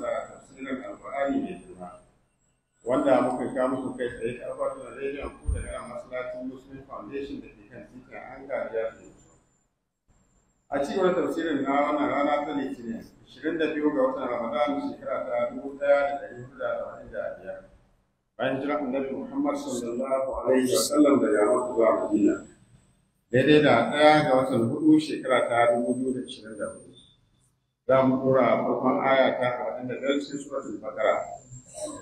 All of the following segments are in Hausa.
da tafsirin alkur'ani mai girma wanda muka sha musu kai tsaye ta albarkar rediyon ku ga masallacin muslim foundation da ke kan titin an gajiya su a cikin tafsirin na wannan rana ta litinin 22 ga watan ramadan shekara ta 1445 bayan jiran annabi muhammad sallallahu alaihi wa sallam da yawon zuwa madina daidai da ɗaya ga watan hudu shekara ta 2024 za mu dora farkon aya ta arba'in da ɗan suna su bakara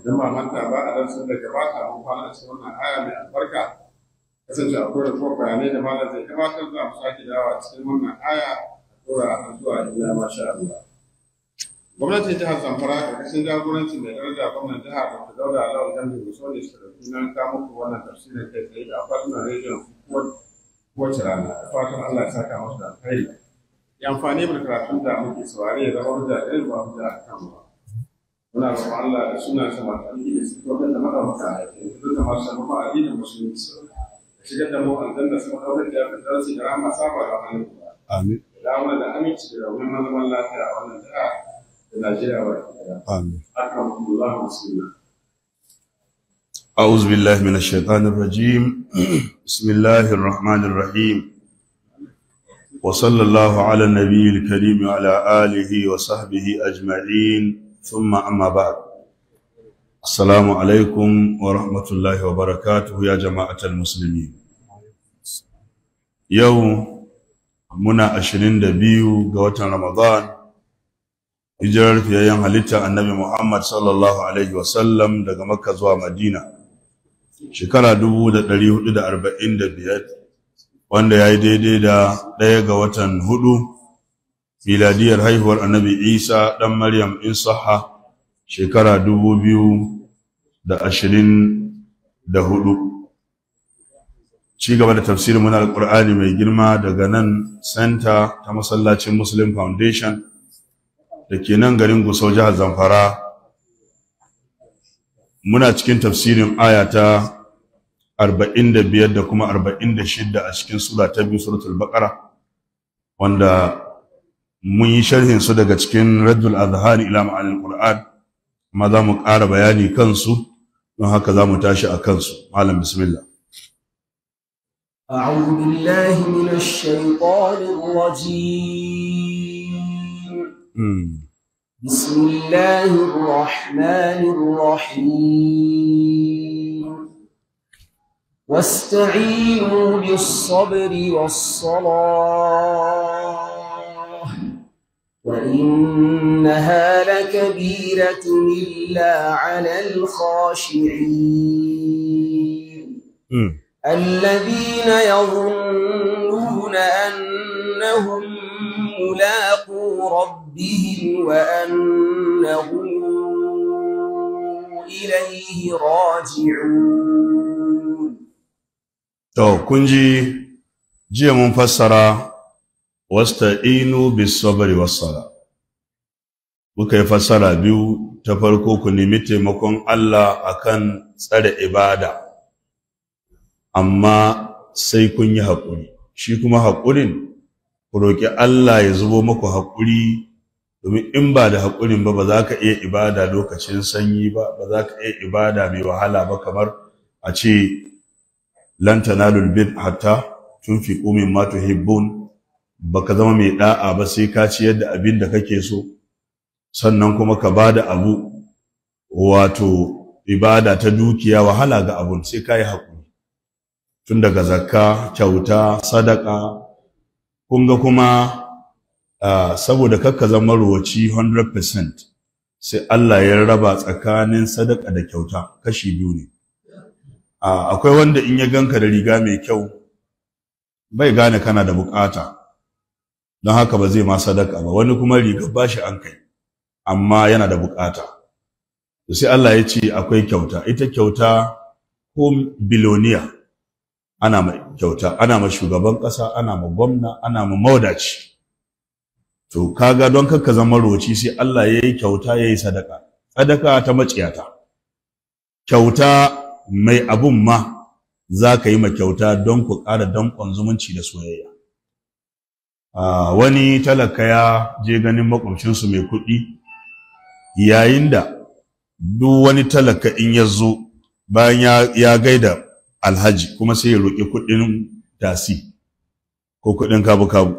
idan ba manta ba a darasin da gabata mun fara cikin wannan aya mai albarka kasance akwai rafuwar bayanai da malam zai gabatar za mu sake dawa cikin wannan aya a tura a zuwa ila masha Allah. gwamnatin jihar zamfara karkashin jagorancin mai daraja gwamnan jihar da daura alawar jami'in musoli shirafi na ta muku wannan tafsirin kai tsaye da a fasunan rediyon kowace rana da fatan allah ya saka masu da alkhairi amfani da karatun da muke saurari ya zama da ɗan ba mu da kan ba muna roƙon Allah da suna ta matsaloli da suke wadanda makamata a yanzu duka masu sama ba addinin musulunci shigar da mu aljanna sun kawai da yafi darasi da rahama saba da hannun ba amin da da aminci da wani malaman lafiya a wannan jiha da Najeriya ba amin akan Allah musulunci أعوذ بالله من الشيطان الرجيم بسم الله الرحمن الرحيم وصلى الله على النبي الكريم وعلى آله وصحبه أجمعين ثم أما بعد السلام عليكم ورحمة الله وبركاته يا جماعة المسلمين يوم muna ashirin da biyu ga watan Ramadan hijirar fiyayyen halitta annabi Muhammad sallallahu alaihi wasallam daga Makka zuwa Madina shekara dubu da ɗari hudu da arba'in da biyar wanda ya yi daidai da ɗaya ga watan hudu miladiyar haihuwar annabi isa ɗan maryam in saha shekara dubu biyu da ashirin da hudu ci gaba da tafsirin muna alƙur'ani mai girma daga nan Senta ta masallacin muslim foundation da ke nan garin gusau jihar zamfara muna cikin tafsirin ayata arba'in da biyar da kuma arba'in da shidda a cikin sura ta biyu suratul baqara wanda mun yi sharhin su daga cikin raddul azhar ila ma'anil qur'an amma za mu ƙara bayani kansu don haka za mu tashi a kansu malam bismillah أعوذ بالله من الشيطان الرجيم بسم الله الرحمن الرحيم واستعينوا بالصبر والصلاة وإنها لكبيرة إلا على الخاشعين الذين يظنون أنهم ملاقو ربهم وأنهم إليه راجعون To, kun ji jiya mun fassara wasta inu sabri was Muka yi fassara biyu ta farko ku nemi taimakon Allah akan tsare ibada. Amma sai kun yi haƙuri. Shi kuma haƙurin ku roƙi Allah ya zubo muku haƙuri domin in ba da haƙurin ba ba za ka iya ibada lokacin sanyi ba ba za ka iya ibada mai wahala ba kamar a ce lan tanalul bir hatta tunfiqu mimma tuhibbun baka zama mai da'a ba sai ka ciyar da abin da kake so sannan kuma ka bada abu wato ibada ta dukiya wahala ga abun sai ka yi haƙuri tun daga zakka kyauta sadaka kun ga kuma saboda kakka zama ruwaci 100% sai Allah ya raba tsakanin sadaka da kyauta kashi biyu ne akwai wanda in ya ganka da riga mai kyau bai gane kana da bukata don haka ba zai ma sadaka ba wani kuma riga bashi an kai amma yana da bukata to sai Allah ya ce akwai kyauta ita kyauta ko biloniya ana ma kyauta ana ma shugaban kasa ana ma gwamna ana ma maudaci to kaga don kakka zama roci sai Allah ya yi kyauta ya yi sadaka sadaka ta maciyata kyauta mai abun ma za ka yi makyauta don ku ƙara danƙon zumunci da soyayya wani talaka ya je ganin makwamcinsu mai kuɗi yayin da duk wani talaka in ya zo bayan ya gaida alhaji kuma sai ya roƙi kuɗin tasi ko kuɗin kabu-kabu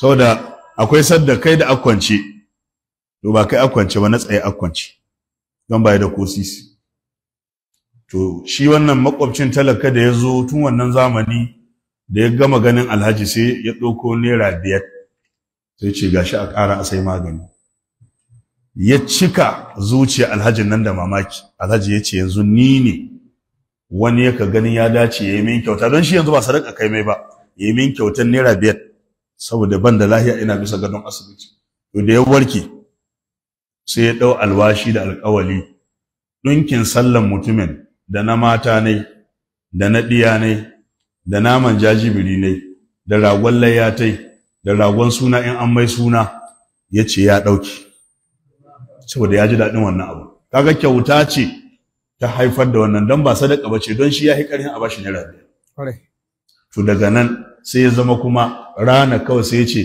saboda akwai sadda kai da akwance to ba kai akwance ba na tsaye akwance don baya da kosisi to shi wannan makwabcin talaka da ya zo tun wannan zamani da ya gama ganin alhaji sai ya ɗauko naira biyar sai ce gashi a ƙara a sai magani ya cika zuciya Alhaji nan da mamaki alhaji ya ce yanzu ni ne wani yaka ganin ya dace ya yi min kyauta don shi yanzu ba sadaka kai mai ba ya yi min kyautan naira biyar saboda ban da lahiya ina bisa gadon asibiti to da ya warke sai ya ɗau alwashi da alƙawali ɗinkin sallan mutumin da na mata ne da na ɗiya ne da naman jajibiri ne da ragon layyatai da ragon suna in an mai suna ya ce ya ɗauki saboda ya ji daɗin wannan abu kaga kyauta ce ta haifar da wannan don ba sadaka ba ce don shi ya yi ƙarfin a bashi naira biyar to daga nan sai ya zama kuma rana kawai sai ya ce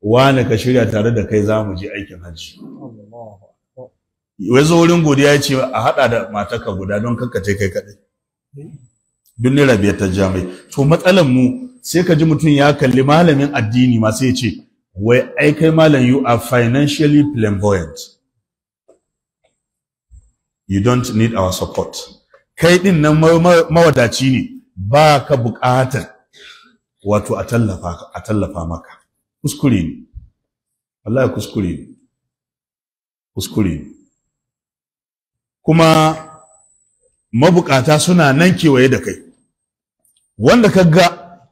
wane ka shirya tare da kai za mu je aikin hajji wai zo wurin godiya ya ce a haɗa da mataka guda don kankace kai kaɗai duk naira biyar ta jami'ai to matsalan mu sai ka ji mutum ya kalli malamin addini ma sai ya ce wai ai kai malam you are financially flamboyant you don't need our support kai din nan mawadaci ne ba ka buƙatar wato a tallafa a tallafa maka kuskure ne wallahi kuskure ne kuskure ne kuma mabukata suna nan kewaye da kai wanda ka ga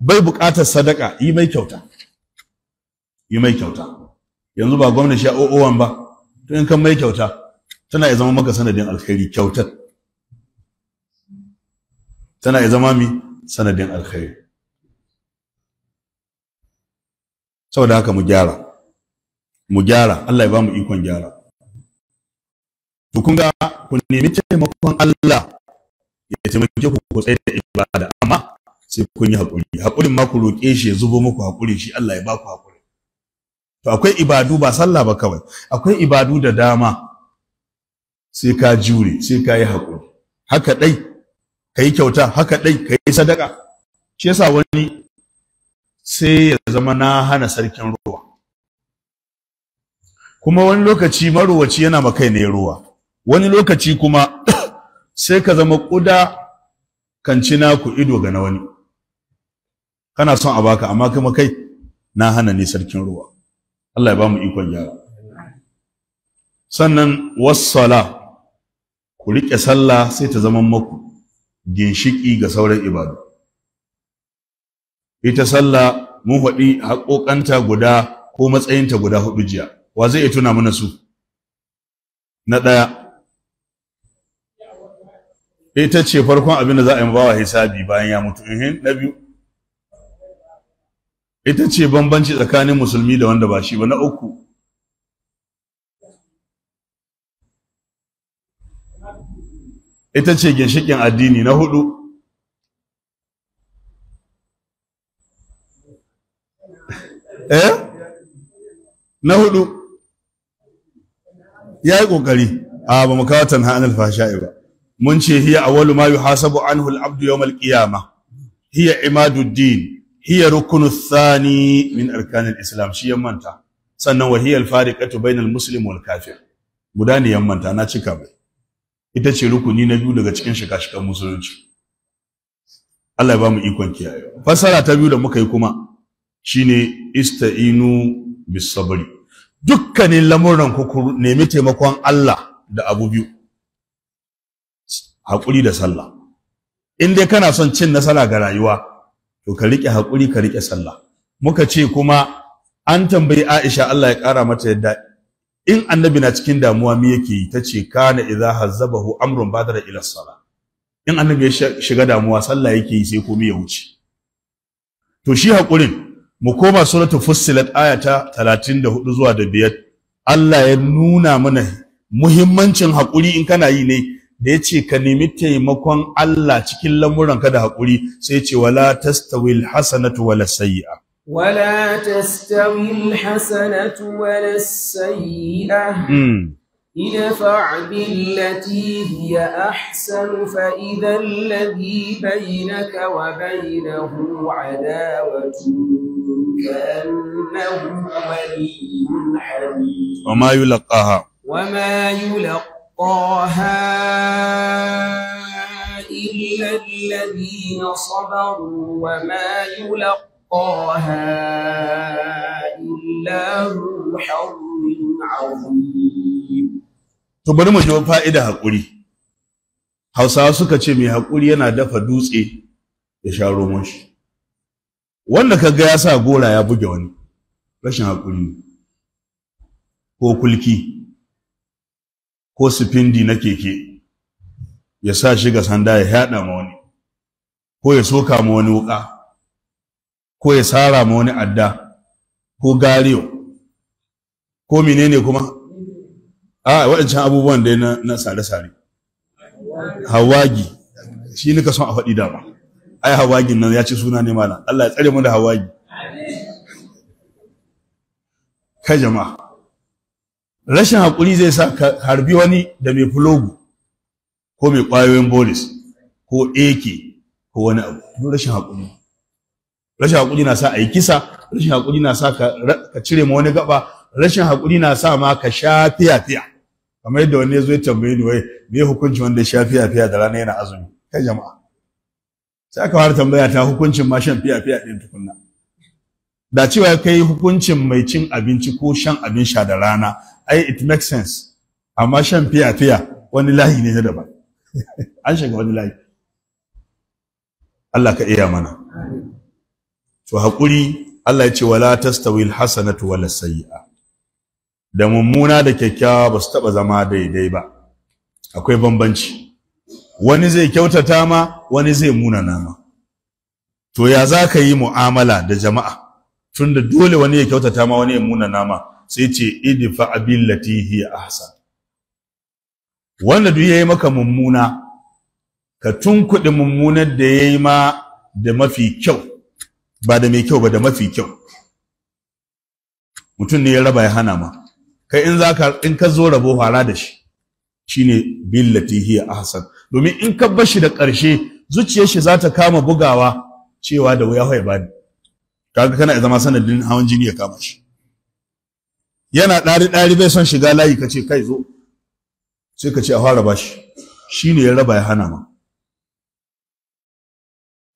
bai bukatar sadaka yi mai kyauta yi mai kyauta yanzu ba gwamna sha o'owan ba to in kan mai kyauta tana ya zama maka sanadin alkhairi kyautar tana ya zama mi sanadin alkhairi saboda haka mu gyara mu gyara Allah ya ba mu ikon gyara to kun ga ku nemi taimakon Allah ya taimake ku ku tsaye da ibada amma sai kun yi haƙuri haƙurin ma ku roƙe shi ya zubo muku haƙuri shi Allah ya ba ku haƙuri to akwai ibadu ba sallah ba kawai akwai ibadu da dama sai ka jure sai ka yi haƙuri haka dai ka yi kyauta haka dai ka yi sadaka shi yasa wani sai ya zama na hana sarkin ruwa kuma wani lokaci marowaci yana makai ne ruwa wani lokaci kuma sai ka zama ƙuda kan ci naku ido ga na wani kana son a baka amma kuma kai na hana ni sarkin ruwa Allah ya ba mu ikon gyara sannan wassala ku riƙe sallah sai ta zama maku ginshiƙi ga sauran ibadu ita sallah mun haɗi haƙoƙanta guda ko matsayinta guda huɗu jiya wa zai iya tuna mana su na ɗaya ita ce farkon abin da za a yi bawa hisabi bayan ya mutu in na biyu ita ce bambanci tsakanin musulmi da wanda ba shi ba na uku ita ce ginshikin addini na hudu eh na hudu ya yi ƙoƙari a ba mu kawo tanha anil ba mun ce hiya awwalu ma yuhasabu anhu al-abdu yawm al hiya imaduddin hiya rukunu thani min arkan al-islam shi manta. sannan wa hiya al-fariqatu muslim wal kafir guda ne manta na cika bai ita ce rukuni na biyu daga cikin shiga shikan musulunci Allah ya ba mu ikon kiyaye fasara ta biyu da muka yi kuma shine ista'inu bis sabri dukkanin lamuran ku nemi taimakon Allah da abu biyu haƙuri da sallah in dai kana son cin nasara ga rayuwa to ka rike haƙuri ka rike sallah muka ce kuma an tambayi Aisha Allah ya kara mata yadda in annabi na cikin damuwa me yake yi tace kana idza hazzabahu amrun badara ila sala in annabi ya shiga damuwa sallah yake yi sai komai ya wuce to shi haƙurin mu koma suratu fussilat ayata 34 zuwa da biyar Allah ya nuna mana muhimmancin haƙuri in kana yi ne da yace ka nemi taimakon Allah cikin ka da hakuri sai yace wala tastawil hasanatu wala sayi'a wala tastawil hasanatu wala Ina hmm. idfa' billati hiya ahsan fa idha alladhi bainaka wa bainahu adawatun kannahu waliyyun hamid wa ma yulqaha wa ma yulqaha طه إلا الذين صبروا وما يلقاها إلا عظيم to bari mu ji fa'ida haƙuri hausawa suka ce mai haƙuri yana dafa dutse ya sha romon shi wanda ka ga ya sa gora ya buge wani rashin haƙuri ko kulki ko sifindi na keke ya sa shi ga sanda ya yaɗa ma wani ko ya soka ma wani wuƙa ko ya sara ma wani adda ko gariyo ko menene kuma a waɗancan abubuwan dai na sare-sare hawagi shi ni ka son a faɗi dama ai hawagin nan ya ci suna ne malam Allah ya tsare mu da hawagi ka jama'a rashin haƙuri zai sa ka harbi wani da mai fulogu ko mai ƙwayoyin bolis ko eke ko wani abu duk rashin haƙuri rashin haƙuri na sa a yi kisa rashin haƙuri na sa ka cire ma wani gaba rashin haƙuri na sa ma ka sha fiya fiya kamar yadda wani ya zo ya tambaye ni wai me hukuncin wanda ya sha fiya fiya da rana yana azumi kai jama'a sai aka fara tambaya ta hukuncin ma shan fiya fiya ɗin tukunna da cewa kai hukuncin mai cin abinci ko shan abin sha da rana ai it makes sense amma shan fiya fiya wani layi ne na daban an shiga wani layi Allah ka iya mana to hakuri Allah ya ce wala tastawil hasanatu wala sayyi'a da mummuna da kyakkyawa ba su taɓa zama daidai ba akwai bambanci wani zai kyautata ma wani zai muna ma to ya za ka yi mu'amala da jama'a tunda dole wani ya kyautata ma wani ya muna ma sai ce idfa abillati a ahsan wanda duk yayi maka mummuna ka tunkuɗe mummunar da yayi ma da mafi kyau ba da mai kyau ba da mafi kyau mutum ne ya raba ya hana ma kai in zaka in ka zo rabo fara da shi shine billati a ahsan domin in ka bashi da ƙarshe zuciyar shi za ta kama bugawa cewa da wuya ya bani kaga kana zama sanadin hawan jini ya kama shi yana ɗari ɗari bai son shiga layi ka ce kai zo sai ka ce a fara bashi shi ne ya raba ya hana ma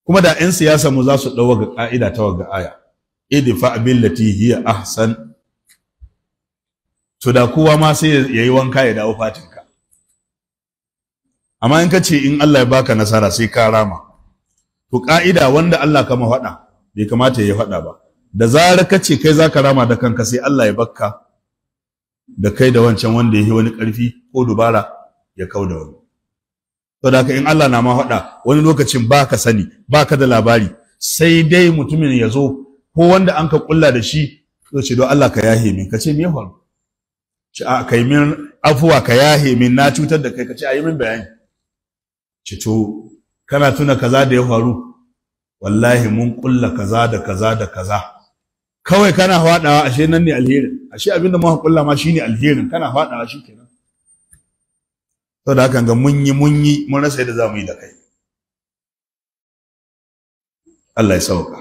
kuma da 'yan siyasa mu za su ɗau ga ƙa'ida ta waga aya idfa billati hiya ahsan to da kowa ma sai ya yi wanka ya dawo fatinka amma in ka ce in Allah ya baka nasara sai ka rama to ƙa'ida wanda Allah kama faɗa bai kamata ya yi faɗa ba da zarar ka ce kai za ka rama da kanka sai Allah ya bakka da kai da wancan wanda ya yi wani ƙarfi ko dubara ya kau da wani. Saboda haka in Allah na ma faɗa wani lokacin ba ka sani ba ka da labari sai dai mutumin ya zo ko wanda an ka ƙulla da shi ko ce don Allah ka yahe min ka ce me faru. Ce a kai min afuwa ka yahe min na cutar da kai ka ce a yi min bayani. Ce to kana tuna kaza da ya faru wallahi mun ƙulla kaza da kaza da kaza. kawai kana faɗawa ashe nan ne alherin ashe abinda muka kulla ma shine alherin kana faɗawa shi kenan saboda haka ga mun yi mun yi mun rasa yadda za mu yi da kai Allah ya sauka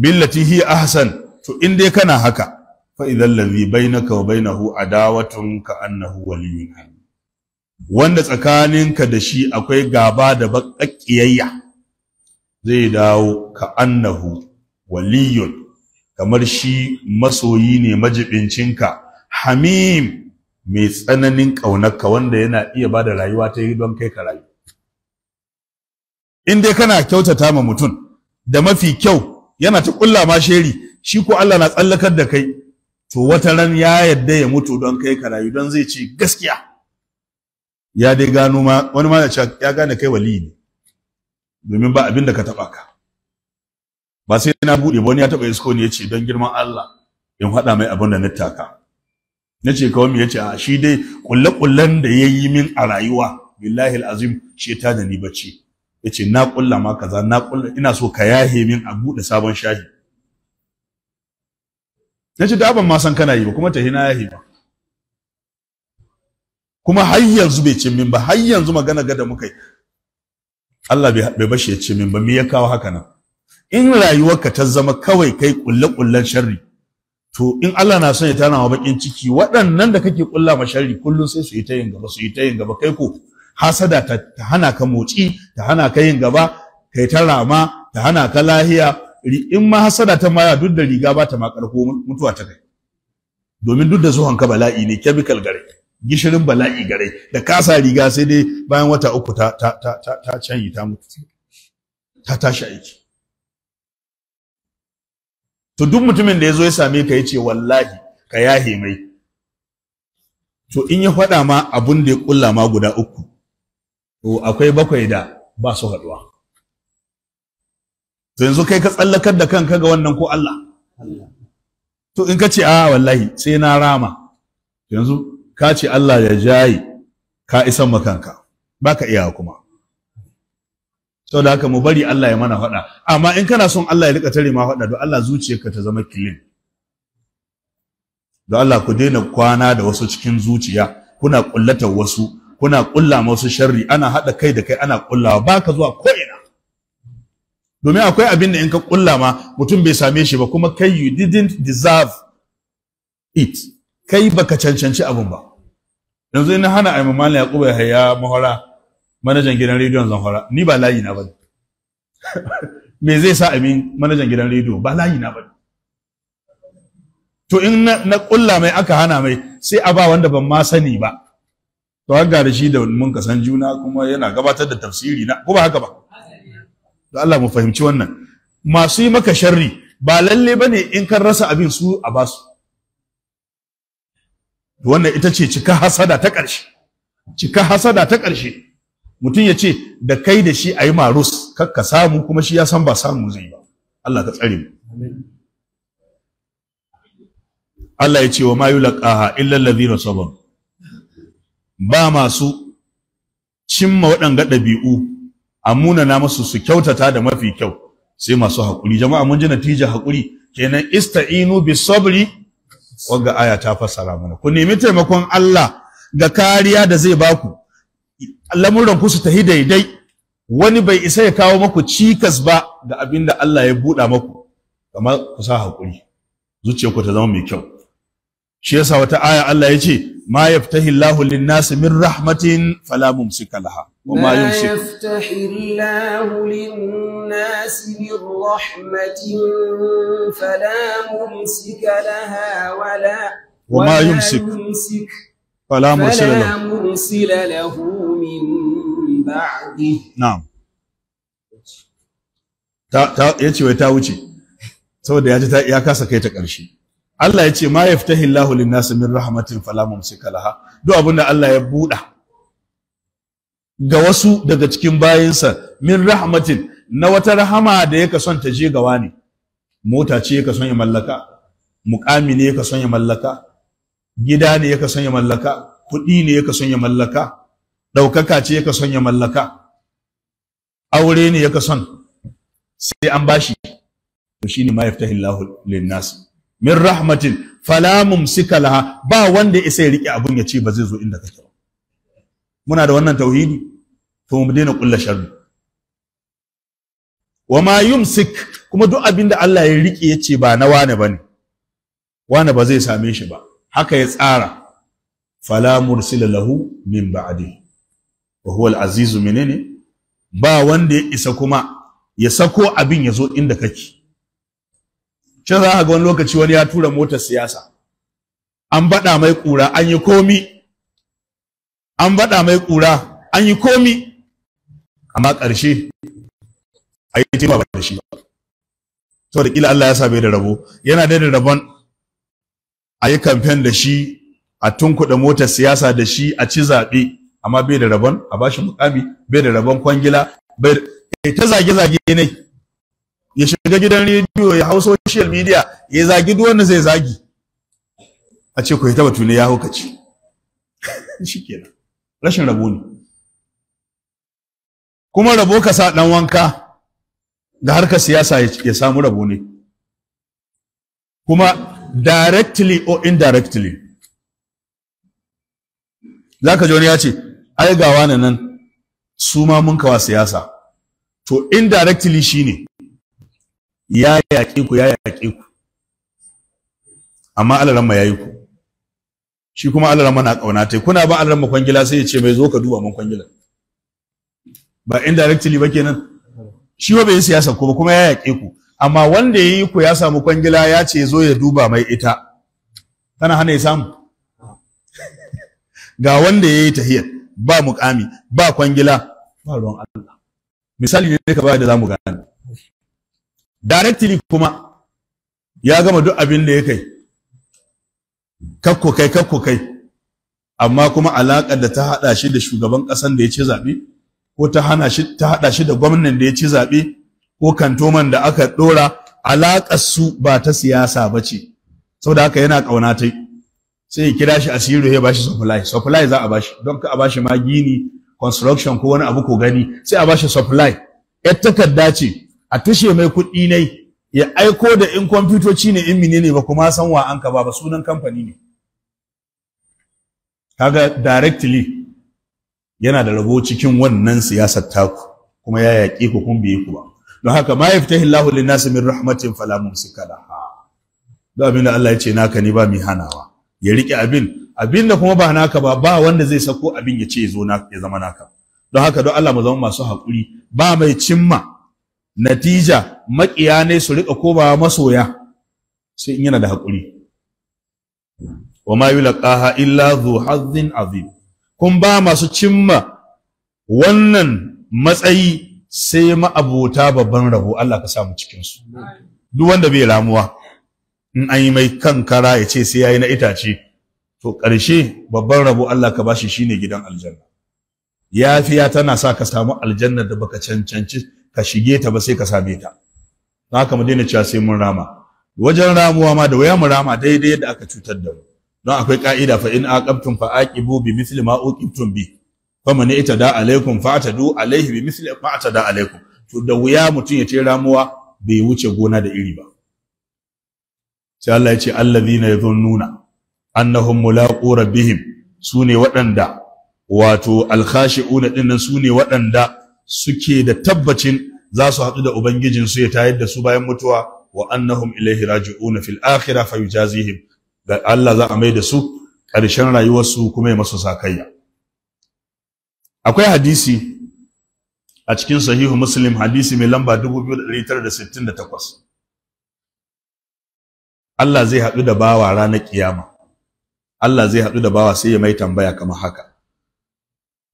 billati hi ahsan to in dai kana haka fa idhal ladhi bainaka wa bainahu adawatun ka annahu waliyyun wanda tsakaninka da shi akwai gaba da bakkiyayya zai dawo ka annahu waliyun kamar shi masoyi ne majibincinka hamim mai tsananin ƙaunarka wanda yana iya ba da rayuwa ta yi don kai ka rayu in dai kana kyautata ma mutum da mafi kyau yana ta ƙulla ma sheri shi ko Allah na tsallakar da kai to wata ran ya yadda ya mutu don kai ka rayu don zai ci gaskiya ya dai gano ma wani ma ya gane kai waliyi ne domin ba abin da ka taɓa ka ba sai na bude. ba wani ya taɓa isko ne ya ce don girman Allah in faɗa mai abin da na taka na ce kawai yace a shi dai kullu kullan da ya yi min a rayuwa billahi azim shi ta da ni bace ya ce na kulla ma kaza na kulla ina so ka yahe min a buɗe sabon shahi na da ban ma san kana yi ba kuma ta hina yahe ba kuma har yanzu bai ce min ba har yanzu magana ga da muka yi Allah bai bashi ya ce min ba me ya kawo haka nan in rayuwarka ta zama kawai kai kulle-kullen sharri to in Allah na son ya tana wa bakin ciki waɗannan da kake kulla ma sharri kullum sai su yi ta yin gaba su yi ta yin gaba kai ko hasada ta, hana ka motsi ta hana ka yin gaba kai ta rama ta hana ka lahiya in ma hasada ta maya duk da riga ba ta ma karko mutuwa ta kai domin duk da zuwan ka bala'i ne chemical gare gishirin bala'i gare da kasa riga sai dai bayan wata uku ta ta ta ta ta canyi ta mutu ta tashi aiki to duk mutumin da ya zo ya same ka ya ce wallahi ka yahe mai to in ya faɗa ma abun da ya ƙulla ma guda uku to akwai bakwai da ba su haɗuwa to yanzu kai ka tsallakar da kanka ga wannan ko Allah to in ka ce a wallahi sai na rama yanzu ka ce Allah ya jayi ka isan makanka ba ka iya kuma Sau da haka mu bari Allah ya mana faɗa amma in kana son Allah ya rika tare ma faɗa don Allah zuciyarka ta zama kilin. don Allah ku daina kwana da wasu cikin zuciya kuna kullata wasu kuna kulla masu sharri ana haɗa kai da kai ana kullawa ka zuwa ko ina domin akwai abin da in ka kulla ma mutum bai same shi ba kuma kai you didn't deserve it kai baka cancanci abun ba yanzu ina hana aimaman mallaka ya mahara manajan gidan rediyon zamfara ni ba layi na bane me zai sa amin manajan gidan rediyo ba layi na bane to in na kulla mai aka hana mai sai a ba wanda ban ma sani ba to haka da shi da mun kasan juna kuma yana gabatar da tafsiri na ko ba haka ba to Allah mu fahimci wannan masu yi maka sharri ba lalle bane in kan rasa abin su a su. wannan ita ce cika hasada ta ƙarshe cika hasada ta ƙarshe mutum ya ce da kai da shi a yi marus kar ka samu kuma shi ya san ba samu zai ba Allah ka tsare Allah ya ce wa ma in illa alladhina sabaru ba masu cimma waɗanga ɗabi'u a na masu su kyautata da mafi kyau sai masu haƙuri jama'a mun ji natija haƙuri kenan ista'inu bi sabri wanga, aya ta fassara mana ku nemi taimakon Allah ga kariya da zai baku lamuran ku su tahi daidai wani bai isa ya kawo maku cikas ba ga abin da Allah ya buɗa maku kamar ku sa haƙuri zuciyar ku ta zama mai kyau shi yasa wata aya Allah ya ce ma yaftahi Allahu lin-nasi min rahmatin fala mumsika laha wa ma yumsik yaftahi Allahu lin min rahmatin fala mumsika laha wala wa ma yumsik فلا مرسل له فلا ya ce ta wuce saboda ya kasa kai ta ƙarshe Allah ya ce ma yaftahi Allahu lin-nasi min rahmatin fala mumsika laha duk abin da Allah ya buɗa ga wasu daga cikin bayinsa min rahmatin na wata rahama da yake son ta je gawa ne mota ce yake son ya mallaka muƙami ne yake son ya mallaka gida ne yaka son ya mallaka kuɗi ne yaka son ya mallaka ɗaukaka ce yaka son ya mallaka aure ne yaka son sai an bashi to shine ma yaftahillahu linnas min rahmatin fala mumsika laha ba wanda isa ya rike abun ya ce ba zai zo inda kake ba muna da wannan tauhidi to mu daina kulla sharri wa ma yumsik kuma duk abinda Allah ya rike ya ce ba na wane bane wane ba zai same shi ba haka ya tsara fala mursila lahu min ba'di wa huwa al aziz menene ba wanda ya isa kuma ya sako abin ya zo inda kake ce za ka ga wani lokaci wani ya tura motar siyasa an baɗa mai ƙura an yi komi an bada mai kura an yi komi amma ƙarshe a yi ba da shi ba da ƙila Allah ya sa bai da rabo yana da rabon a yi kamfen da shi a tunkuɗa motar siyasa da shi a ci zaɓe amma bai da rabon a bashi mukami bai da rabon kwangila bai ta zage-zage ne ya shiga gidan rediyo ya hau social media ya zagi duk wanda zai zagi a ce ku yi taba tuni ya hukaci shi kenan rashin rabo ne kuma rabo ka sa ɗan wanka da harkar siyasa ya samu rabo ne kuma directly or indirectly za ka ji wani ya ce ai ga wani nan su ma mun kawa siyasa to indirectly shine ya yaƙe ku ya yaƙe ku amma alarama ya yi ku shi kuma alarama na ƙauna ta kuna ba alarama kwangila sai ya ce mai zo ka duba mun kwangila ba indirectly ba kenan shi ba bai yi siyasa ko ba kuma ya yaƙe ku amma wanda ya yi ku ya samu kwangila ya ce zo ya duba mai ita tana hana ya samu ga wanda ya yi tahiyar ba mukami ba kwangila ba ruwan Allah misali ne ka bayar da zamu gane directly kuma ya gama duk abin da ya kai kakko kai kakko kai amma kuma alaƙar da ta hada shi da shugaban kasan da ya ci zaɓe ko ta hana shi ta shi da gwamnan da ya ci zaɓe ko kantoman da aka ɗora alaƙar su ba ta siyasa ba ce saboda haka yana ƙauna ta sai ya kira shi asiru ya bashi supply supply za a bashi don ka a bashi ma gini construction ko wani abu ko gani sai a bashi supply yar takarda ce a tashe mai kuɗi ne ya aiko da in kwamfutoci ne in menene ba kuma san wa anka ba ba sunan kamfani ne kaga directly yana da rabo cikin wannan siyasar taku kuma ya yaƙi ku kun biye ku ba don haka ma yaftahi Allahu lin-nasi min rahmatin fala mumsika laha duk abin da Allah ya ce naka ne ba mi hanawa ya rike abin abin da kuma ba naka ba ba wanda zai sako abin ya ce zo ya zama naka don haka don Allah mu zama masu haƙuri ba mai cimma natija maƙiya ne su rika ba masoya sai in yana da haƙuri wa ma yulqaha illa dhu hazzin azim kun ba masu cimma wannan matsayi sai ma'abota babban rabo Allah ka samu cikinsu duk wanda bai ramuwa in an yi mai kan kara ya ce sai ya yi na itace to ƙarshe babban rabo Allah ka bashi ne gidan aljanna yafiya tana sa ka samu aljanna da baka cancanci ka shige ta ba sai ka same ta haka mu daina cewa sai mun rama wajen ramuwa ma da waya mu rama daidai yadda aka cutar da mu don akwai ƙa'ida fa in aqabtum fa aqibu bi mithli ma uqibtum bi faman itada alaikum fatadu alaihi bi misli ma atada alaikum to da wuya mutum ya ce ramuwa bai wuce gona da iri ba sai Allah ya ce allazina yadhunnuna annahum mulaqu rabbihim sune waɗanda wato alkhashi'una dinnan sune waɗanda suke da tabbacin za su haɗu da ubangijin su ya tayar da su bayan mutuwa wa annahum ilaihi raji'una fil akhirah fayujazihim da Allah za a mai da su ƙarshen rayuwarsu kuma ya masu sakayya akwai hadisi a cikin sahihu muslim hadisi mai lamba 2968 Allah zai haɗu da bawa ranar kiyama Allah zai haɗu da bawa sai ya mai tambaya kama haka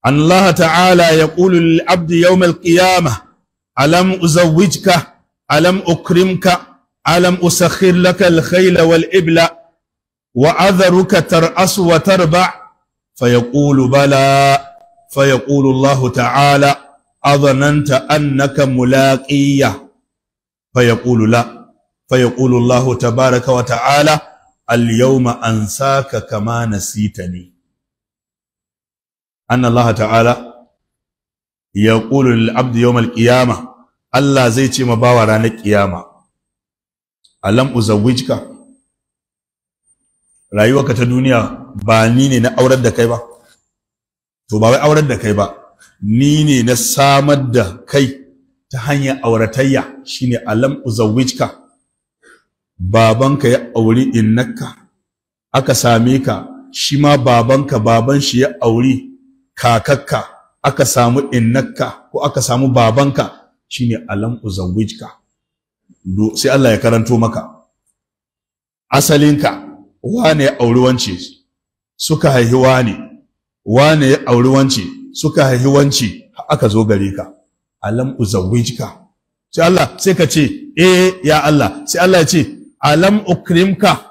an Allah ta'ala ya ƙulu Abdi Yau yawmal qiyama alam uzawwijka alam ukrimka alam usakhir laka al wal ibla wa adharuka tar'asu wa tarba fa yaqulu bala فيقول الله تعالى أظننت أنك ملاقية فيقول لا فيقول الله تبارك وتعالى اليوم أنساك كما نسيتني أن الله تعالى يقول للعبد يوم القيامة الله زيتي مباوى رانا القيامة ألم أزوجك رأيوك تدنيا بانيني نأورد كيبا to ba wai auren da kai ba ni ne na samar da kai ta hanyar auratayya shine alam uzawijka babanka ya auri innaka aka same ka shi ma babanka baban shi ya auri kakakka aka samu innaka ko aka samu babanka shine alam uzawijka sai Allah ya karanto maka asalinka wane ya auri wance suka haihuwa ne. wane ya auri wanci suka haihi wanci aka zo gare ka alam uzawwijka sai Allah sai ka ce eh ya Allah sai Allah ya ce alam ukrimka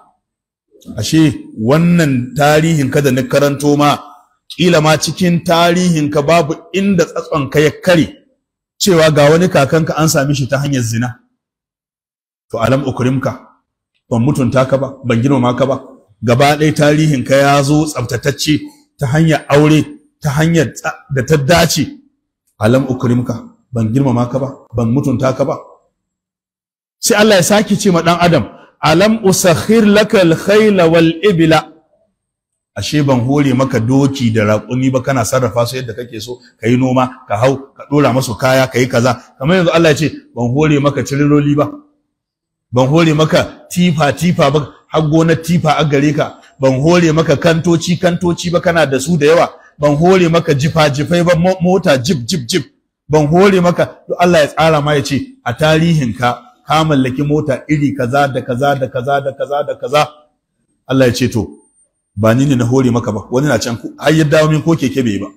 ashe wannan tarihin ka da na karanto ma kila ma cikin tarihin ka babu inda tsatson ka ya kare cewa ga wani kakanka an sami shi ta hanyar zina to alam ukrimka ban mutunta ka ba ban girmama ka ba gaba ɗaya tarihin ka ya zo tsaftatacce ta hanyar aure ta hanyar da ta dace alam ukrimka ban girmama ka ba ban mutunta ka ba sai Allah ya sake ce ma dan adam alam usakhir laka alkhayla wal ibla ashe ban hore maka doki da raƙumi ba kana sarrafa su yadda kake so ka yi noma ka hau ka ɗora masu kaya ka kaza kamar yanzu Allah ya ce ban hore maka tiriloli ba ban hore maka tifa tifa ba har gonar tifa a gare ka ban hore maka kantoci kantoci ba kana da su da yawa ban hore maka jifa jifai ba mota jip jip jip ban hore maka to Allah ya tsara ma ya ce a tarihin ka ka mallaki mota iri kaza da kaza da kaza da kaza da kaza Allah ya ce to ba ni ne na hore maka ba wani na can har ya dawo min ko keke bai ba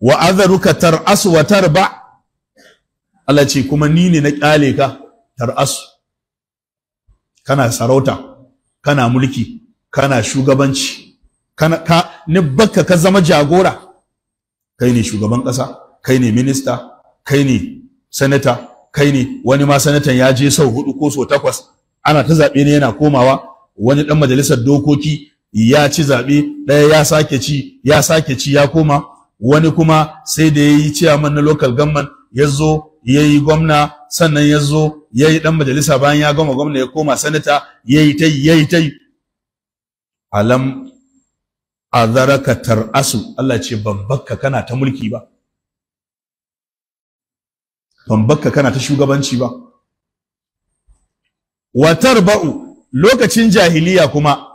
wa azaruka tar'as wa tarba Allah ce kuma ni ne na kyale ka tar'as. kana sarauta kana mulki kana shugabanci kana ka ni baka ka zama jagora kai ne shugaban ƙasa kai ne minista kai ne sanata kai ne wani ma sanatan ya je sau hudu ko sau takwas ana ta zaɓe ne yana komawa wani ɗan majalisar dokoki ya ci zaɓe ɗaya ya sake ci ya sake ci ya koma wani kuma sai da ya yi ciyaman na local government ya zo ya yi gwamna sannan ya zo ya yi ɗan majalisa bayan ya gama gwamna ya koma sanata ya yi ta ya yi ta alam zarakatar tar'asu Allah ce ban bakka kana ta mulki ba ban bakka kana ta shugabanci ba watar ba'u lokacin jahiliya kuma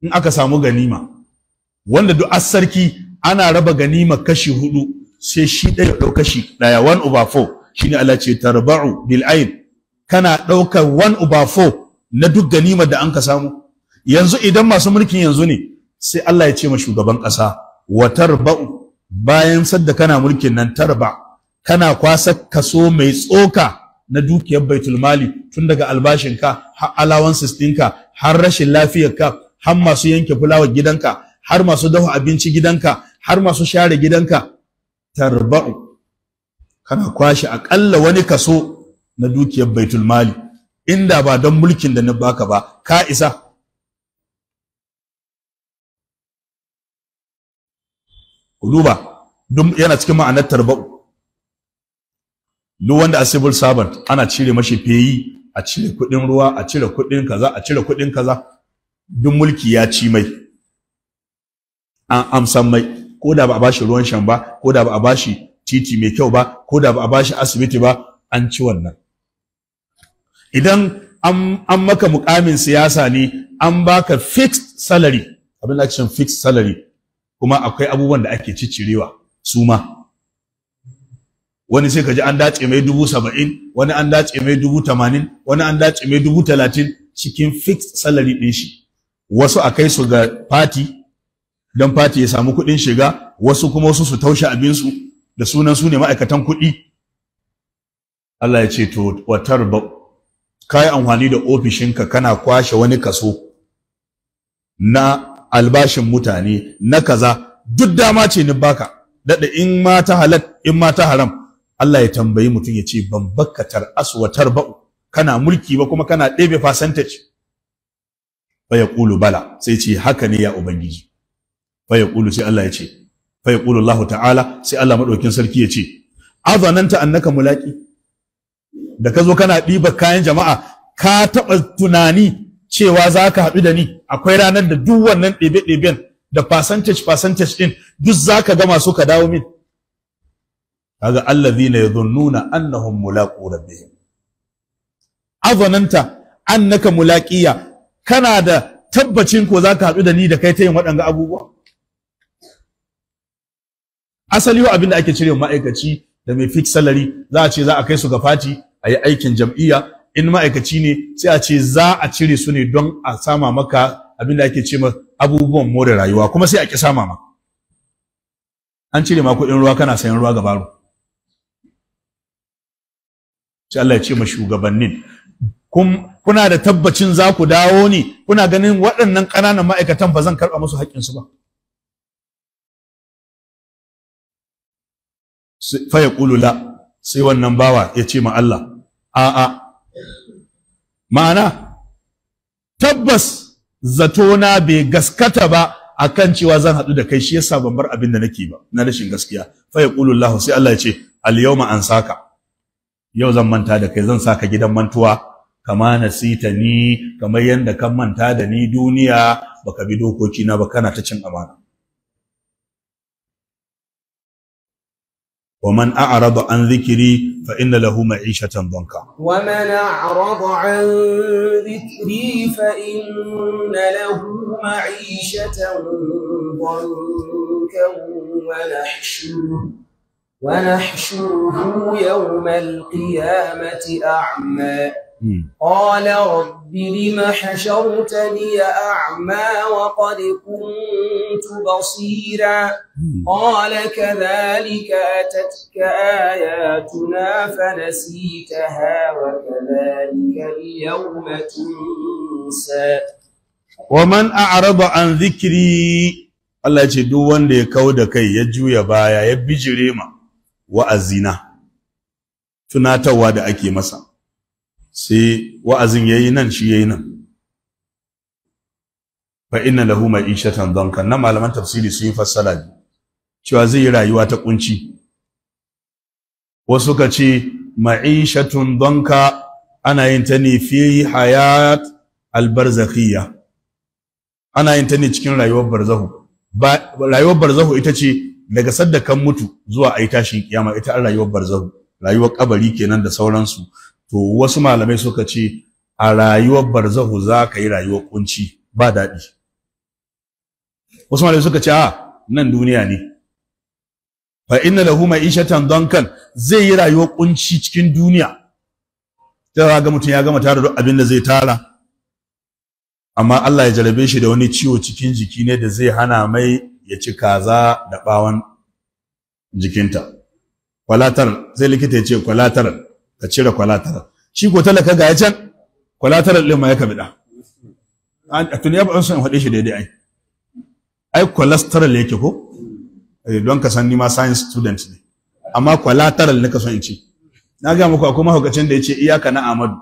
in aka samu ganima wanda duk sarki ana raba ganima kashi hudu sai shi ɗaya ɗauka shi ɗaya one over four shi ne Allah ce tarba'u bil ayn kana ɗaukar one over four na duk ganimar da an ka samu yanzu idan masu mulkin yanzu ne sai Allah ya ce ma shugaban ƙasa wa tarba'u bayan sadda kana mulkin nan tarba kana kwasa kaso mai tsoka na dukiyar baitul mali tun daga albashinka har allowances ɗinka har rashin lafiyarka har masu yanke fulawar gidanka har masu dafa abinci gidanka har masu share gidanka tarba'u kana kwashe aƙalla wani kaso na dukiyar baitul mali inda ba don mulkin da na baka ba ka isa duba duk yana cikin ma'anar tarba'u duk wanda a civil servant ana cire mashi feyi a cire kuɗin ruwa a cire kuɗin kaza a cire kuɗin kaza duk mulki ya ci mai an amsan mai ko da ba a bashi ruwan shan ba ko da ba a bashi titi mai kyau ba ko da ba a bashi asibiti ba an ci wannan idan an maka mukamin siyasa ne an baka fixed salary abin da cikin fixed salary kuma akwai abubuwan da ake ciccirewa su ma wani sai ka ji an dace mai dubu saba'in wani an dace mai dubu tamanin wani an dace mai dubu talatin cikin fixed salary ɗin shi wasu a kai su ga fati don fati ya samu kuɗin shiga wasu kuma wasu su taushe abinsu da sunan su ne ma'aikatan kuɗi Allah ya ce to watar ba kai amfani da ofishinka kana kwashe wani kaso na albashin mutane na kaza duk dama ce ni baka dada in ma ta halal in ma ta haram Allah ya tambayi mutum ya ce ban bakkatar tar'asu watar kana mulki ba kuma kana ɗebe percentage ya ƙulu bala sai ce haka ne ya ubangiji fa yaqulu sai Allah ya ce fa yaqulu Allah ta'ala sai Allah madaukin sarki ya ce azananta annaka mulaqi da ka zo kana ɗiba kayan jama'a ka taɓa tunani cewa za ka haɗu da ni akwai ranar da duk wannan ɗebe-ɗeben da percentage percentage ɗin duk za ka gama su ka dawo min kaga allazina yadhunnuna annahum mulaqu rabbihim azananta annaka mulaqiya kana da tabbacin ko za ka haɗu da ni da kai ta yin waɗanga abubuwa asali wa abin da ake cire ma'aikaci da mai fix salary za a ce za a kai su ga fati a yi aikin jam'iyya in ma'aikaci ne sai a ce za a cire su ne don a sama maka abin da ake ce ma abubuwan more rayuwa kuma sai a ki sama ma an cire ma kuɗin ruwa kana sayan ruwa ga baro Allah ya ce ma shugabannin kuna da tabbacin za ku dawo ni? kuna ganin waɗannan ƙananan ma'aikatan ba zan karɓa musu haƙƙinsu ba Faya kulula, sai wannan bawa ya ce ma Allah a'a ma'ana tabbas zatona bai gaskata ba akan cewa zan haɗu da kai shi yasa ban bar abin da nake ba na rashin gaskiya Faya ya sai Allah ya ce an sa ka. yau zan manta da kai zan sa ka gidan mantuwa kama nasita ni kamar yadda kan manta da ni duniya baka bi dokoki na ba kana ta cin amana ومن أعرض عن ذكري فإن له معيشة ضنكا ومن أعرض عن ذكري فإن له معيشة ضنكا ونحشره ونحشره يوم القيامة أعمى قال رب لم حشرتني أعمى وقد كنت بصيرا قال كذلك أتتك آياتنا فنسيتها وكذلك اليوم تنسى ومن أعرض عن ذكري الله يجدو وان دي ya kawo da kai ya juya baya ya bijire ma sai wa'azin yayi nan shi yayi nan fa inna lahu ma'ishatan dhankan na malaman tafsiri sun yi fassara ne cewa zai yi rayuwa ta kunci wasu ka ce ma'ishatun dhanka ana yin ta ne fi hayat albarzakhiyya ana yin ta ne cikin rayuwar barzahu rayuwar barzahu ita ce daga sadda kan mutu zuwa ai tashin kiyama ita an rayuwar barzahu rayuwar kabari kenan da sauransu to wasu malamai suka ce a rayuwar barzahu za ka yi rayuwar kunci ba daɗi wasu malamai suka ce a nan duniya ne fa inna lahu ma'ishatan dankan zai yi rayuwar kunci cikin duniya Ta sai ga mutum ya gama tara duk abin da zai tara amma Allah ya jarabe shi da wani ciwo cikin jiki ne da zai hana mai ya ci kaza da bawan jikinta kwalatar zai likita ya ce kwalatar ka cire kwalatar shi ko talaka ga ya can kwalatar din ma ya kabida a tuni ya ba san hade shi daidai ai ai cholesterol yake ko eh, don ka san ni ma science student ne amma kwalatar ne ka son in ci na ga muku akwai mahaukacin da yace iyaka na Ahmadu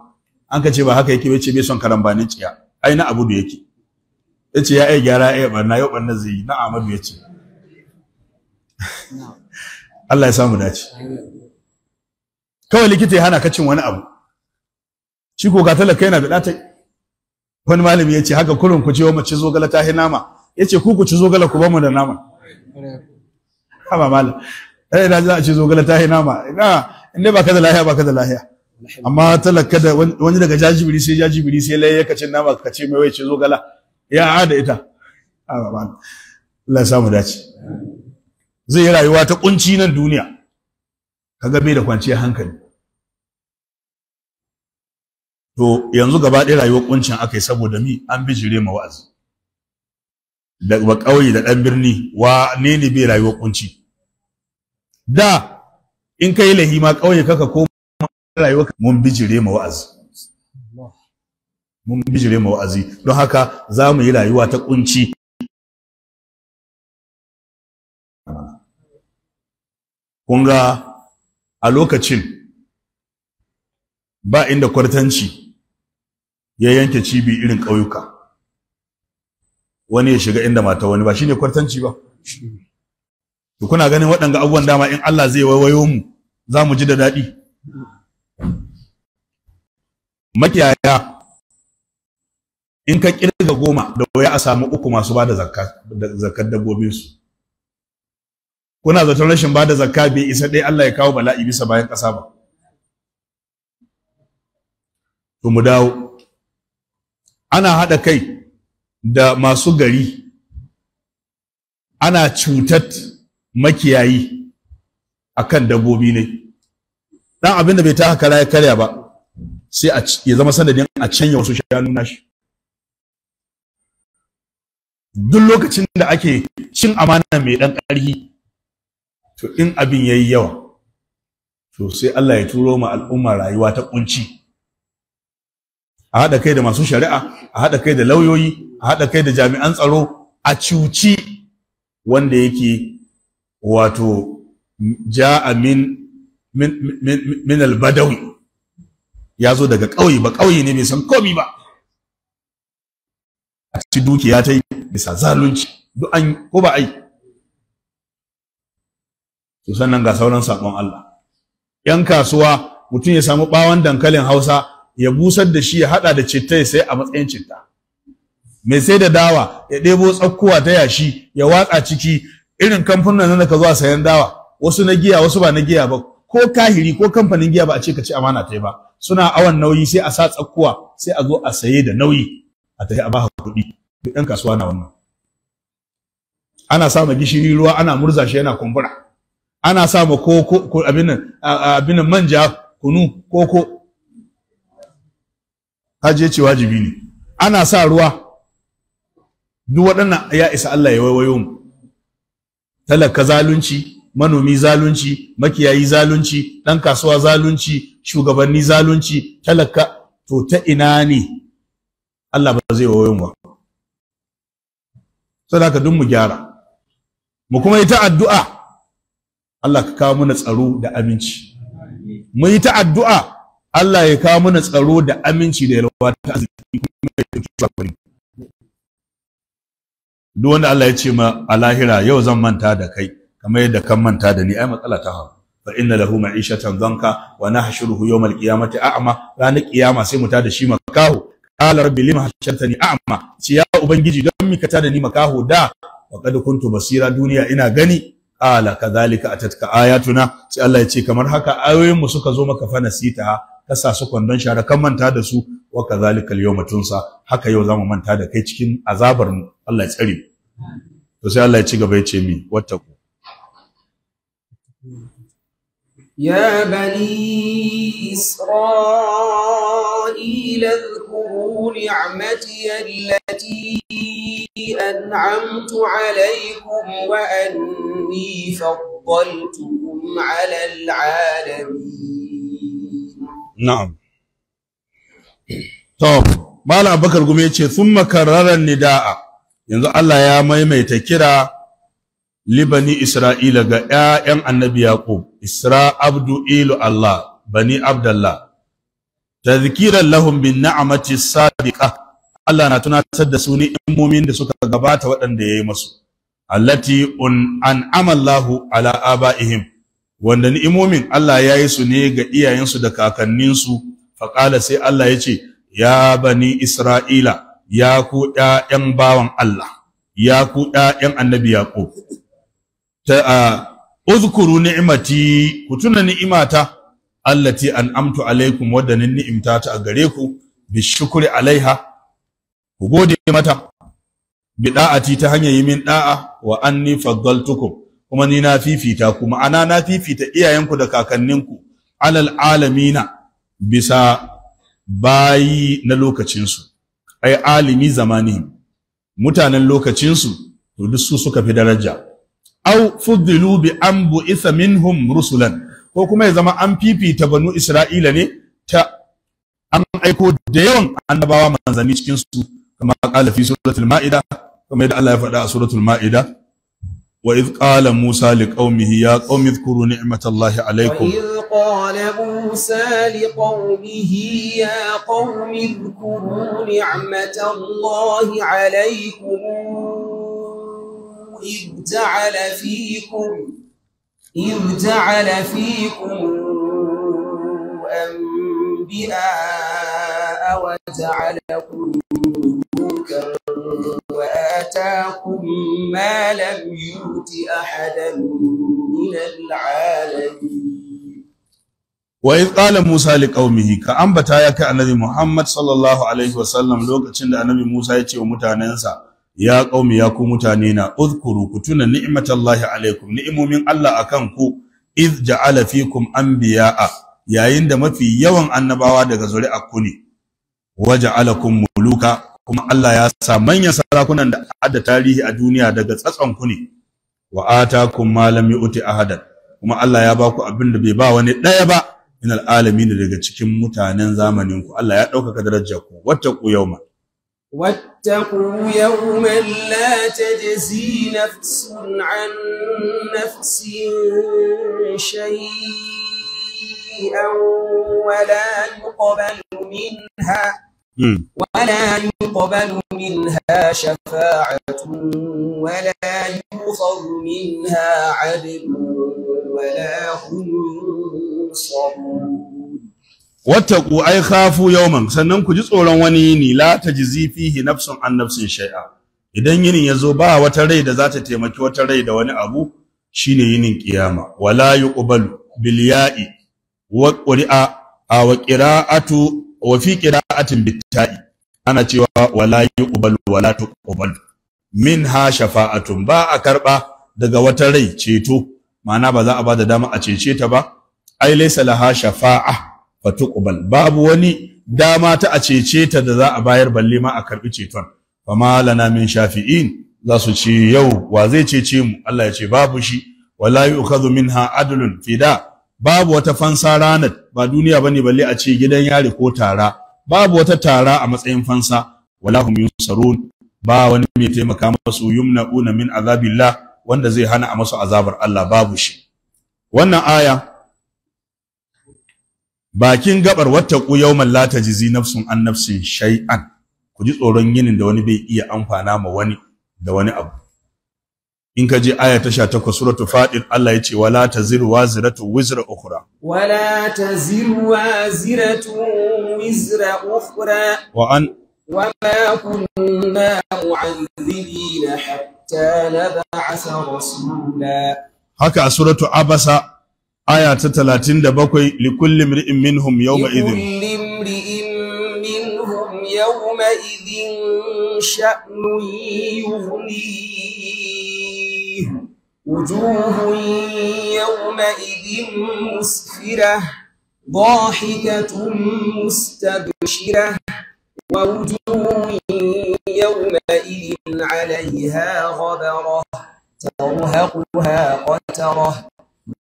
an ka ce ba haka yake ce bai son karambanin ciya ai na abu da yake yace ya ai gyara ai barna yau barna zai na Ahmadu yace Allah ya samu dace kawai likita ya hana ka cin wani abu shi ko ga talaka yana bidata wani malami ya ce haka kurin ku ce wa mace zogala ta hi nama ya ce ku ku ci zogala ku bamu da nama haba malam eh da za a ce zogala ta hi nama ina inda ba ka da lahiya ba ka da lahiya amma talaka da wani daga jajibiri sai jajibiri sai lai ya kace nama ka ce mai wai ci zogala ya ada ita haba malam Allah ya samu dace zai yi rayuwa ta kunci nan duniya kaga bai da kwanciyar hankali to yanzu gaba ɗaya rayuwar kuncin aka yi saboda mi an bijire ma wa'azi da ba ƙauye da ɗan birni wa ne ne bai rayuwar kunci da in ka yi lahima ƙauye kaka ko rayuwar mun bijire ma wa'azi mun bijire ma wa'azi don haka za mu yi rayuwa ta kunci kun ga a lokacin ba inda kwartanci ya yanke cibi irin ƙauyuka wani ya shiga inda mata wani ba shine kwartanci ba to kuna ganin waɗanga abubuwan dama in Allah zai waiwayo mu za mu ji da daɗi makiyaya in ka kirga goma da waya a samu uku masu bada zakka zakkar dabbobin su kuna zaton rashin bada zakka bai isa dai Allah ya kawo bala'i bisa bayan ƙasa ba to mu dawo ana haɗa kai da masu gari ana cutar makiyayi a kan dabbobi ne ɗan abin da bai ta haka ya karya ba sai ya zama sanadin a canya wasu shanu nashi duk lokacin da ake cin amana mai ɗan ƙarfi to in abin ya yi yawa to sai Allah ya turo ma al'umma rayuwa ta ƙunci a haɗa kai da masu shari'a a haɗa kai da lauyoyi a haɗa kai da jami'an tsaro a cuci wanda yake wato ja'a min min, min, min ya zo daga ƙauye ba ƙauye ne bai san komi ba a ci dukiya ta yi bisa zalunci duk an ko ba ai to sannan ga sauran saƙon Allah ‘yan kasuwa mutum ya samu ɓawon dankalin Hausa ya busar da shi ya hada da citta ya sai a matsayin citta mai sai da dawa ya ɗebo tsakkuwa ta yashi ya watsa ciki irin kamfanin nan da ka a sayan dawa wasu na giya wasu ba na giya ba ko kahiri ko kamfanin giya ba a ce ka ci amana ta ba suna awan nauyi sai a sa tsakkuwa sai a zo a saye da nauyi a tafi a ba kuɗi duk ɗan kasuwa na wannan ana sa ma gishiri ruwa ana murza shi yana kumbura ana sa ma ko abin nan manja kunu koko hajji ce wajibi ne ana sa ruwa duk waɗannan ya isa Allah ya waiwayo mu talaka zalunci manomi zalunci makiyayi zalunci ɗan kasuwa zalunci shugabanni zalunci talaka to ta ina ne Allah ba zai waiwayo ba saboda haka duk mu gyara mu kuma yi ta addu'a Allah ka kawo mana tsaro da aminci mu yi ta addu'a Allah ya kawo mana tsaro da aminci da yalwa ta arziki ya duk wanda Allah ya ce ma a lahira yau zan manta da kai kamar yadda kan manta da ni ai matsala ta hawo fa inna lahu ma'ishatan zanka wa nahshuruhu yawm al-qiyamati a'ma ranar kiyama sai mu ta da shi makaho qala rabbi lima hashartani a'ma ce ya ubangiji don mi ka da ni makaho da wa qad kuntu basira duniya ina gani qala kadhalika atatka ayatuna sai Allah ya ce kamar haka ayoyin mu suka zo maka fana nasita ta sa su kwandon shara kan manta da su wa kazalikal yawma tunsa haka yau zamu manta da kai cikin azabar mu Allah ya tsare to sai Allah ya ci gaba ya ce mi wattaku يا بني إسرائيل اذكروا نعمتي التي أنعمت عليكم وأني فضلتكم على العالمين na'am to mala bakar gume yace thumma karrara nidaa yanzu Allah ya maimaita kira libani isra'ila ga 'ya'yan annabi yaqub isra abdu ilu Allah bani abdallah tadhkiran lahum bin ni'mati sabiqa Allah na tunatar da su ni'imomin da suka gabata waɗanda yayi musu allati un an'ama Allahu ala abaihim wanda ni'imomin Allah ya yi su ne ga iyayensu da kakanninsu faƙala sai Allah ya ce ya bani isra'ila ya ku ƴaƴan bawan Allah ya ku ƴaƴan annabi yaqub ta uzkuru ni'imati ku tuna ni'imata allati an'amtu alaikum wadda ni ni'imta ta a gare ku bishukri alaiha ku gode mata bi da'ati ta hanyar yi min da'a wa anni faddaltukum kuma ni na fifita ku ma'ana na fifita iyayenku da kakanninku alal alamina bisa bayi na lokacinsu ai alimi zamani mutanen lokacinsu to duk su suka fi daraja au fuddilu bi an bu'itha minhum rusulan ko kuma ya zama an fifita banu isra'ila ne ta an aiko da yawan annabawa manzanni cikin su kama qala fi suratul ma'ida kamar yadda Allah ya faɗa a suratul ma'ida وإذ قال موسى لقومه يا قوم اذكروا نعمة الله عليكم وإذ قال موسى لقومه يا قوم اذكروا نعمة الله عليكم إذ جعل فيكم إذ جعل فيكم أنبياء وجعلكم ملوكا وآتاكم ما لم يؤت أحدا من العالمين وإذ قال موسى لقومه كأنبتا يك النبي محمد صلى الله عليه وسلم لوكacin da annabi Musa ya ce wa mutanensa ya qaumi ya ku mutane na uzkuru ku tuna ni'matallahi alaikum ni'imomin Allah akan ku iz ja'ala fikum anbiya'a yayin da mafi yawan annabawa daga zuri'a ku ne waja'alakum muluka kuma Allah ya sa manyan sarakunan da adda tarihi a duniya daga tsatson ku ne wa atakum ma lam yu'ti ahadan kuma Allah ya baku abin da bai ba wani daya ba inal alamin daga cikin mutanen zamanin ku Allah ya dauka darajar ku wattaqu yawma واتقوا يوما لا تجزي نفس عن نفس شيئا ولا يقبل منها Hmm. ولا يقبل منها شفاعة ولا يؤخذ منها عدل ولا هم ينصرون واتقوا أي خافوا يوما sannan ku ji tsoron wani yini la tajzi fihi nafsun an nafsin shay'a idan yinin yazo ba wata rai da zata taimaki wata rai da wani abu shine yinin kiyama wala yuqbalu bil ya'i wa qira'a wa wa fi qira'atin bitta'i ana cewa wala yuqbalu wala tuqbalu minha shafa'atun ba a karba daga wata rai ceto ma'ana ba za a ba da dama a cece ta ba ai laysa laha shafa'a fa tuqbal babu wani dama ta a cece ta da za a bayar balle ma a karbi ceton fa namin min shafi'in za su ce yau wa zai cece mu Allah ya ce babu shi wala yu'khadhu minha adlun fida babu wata fansa ranar ba duniya bane balle a ce gidan yari ko tara babu wata tara a matsayin fansa wala hum yunsarun ba wani mai taimaka masu una min azabillah wanda zai hana a masu azabar Allah babu shi wannan aya bakin gabar ku yawman la tajzi nafsun an nafsin shay'an ku ji tsoron yinin da wani bai iya amfana ma wani da wani abu in ka ji aya ta sha takwas, suratul fatir Allah ya ce wala taziru waziratu wizra ukhra wala taziru waziratu wizra ukhra wa an wa ma kunna mu'azzibina hatta nab'asa rasula haka a suratul abasa aya ta 37 likulli mri'in minhum yawma idhin likulli imri'in minhum yawma idhin sha'nu yughni فيه وجوه يومئذ مسفرة ضاحكة مستبشرة ووجوه يومئذ عليها غبرة ترهقها قترة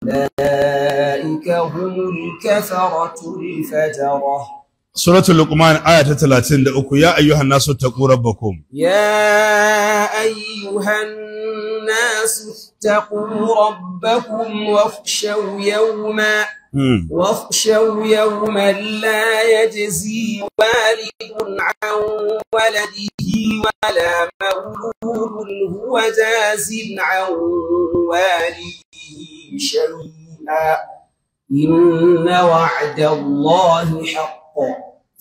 أولئك هم الكفرة الفجرة سورة اللقمان آية 33 يا أيها الناس اتقوا ربكم يا أيها الناس الناس اتقوا ربكم واخشوا يوما واخشوا يوما لا يجزي والد عن ولده ولا مولود هو جاز عن والده شيئا إن وعد الله حق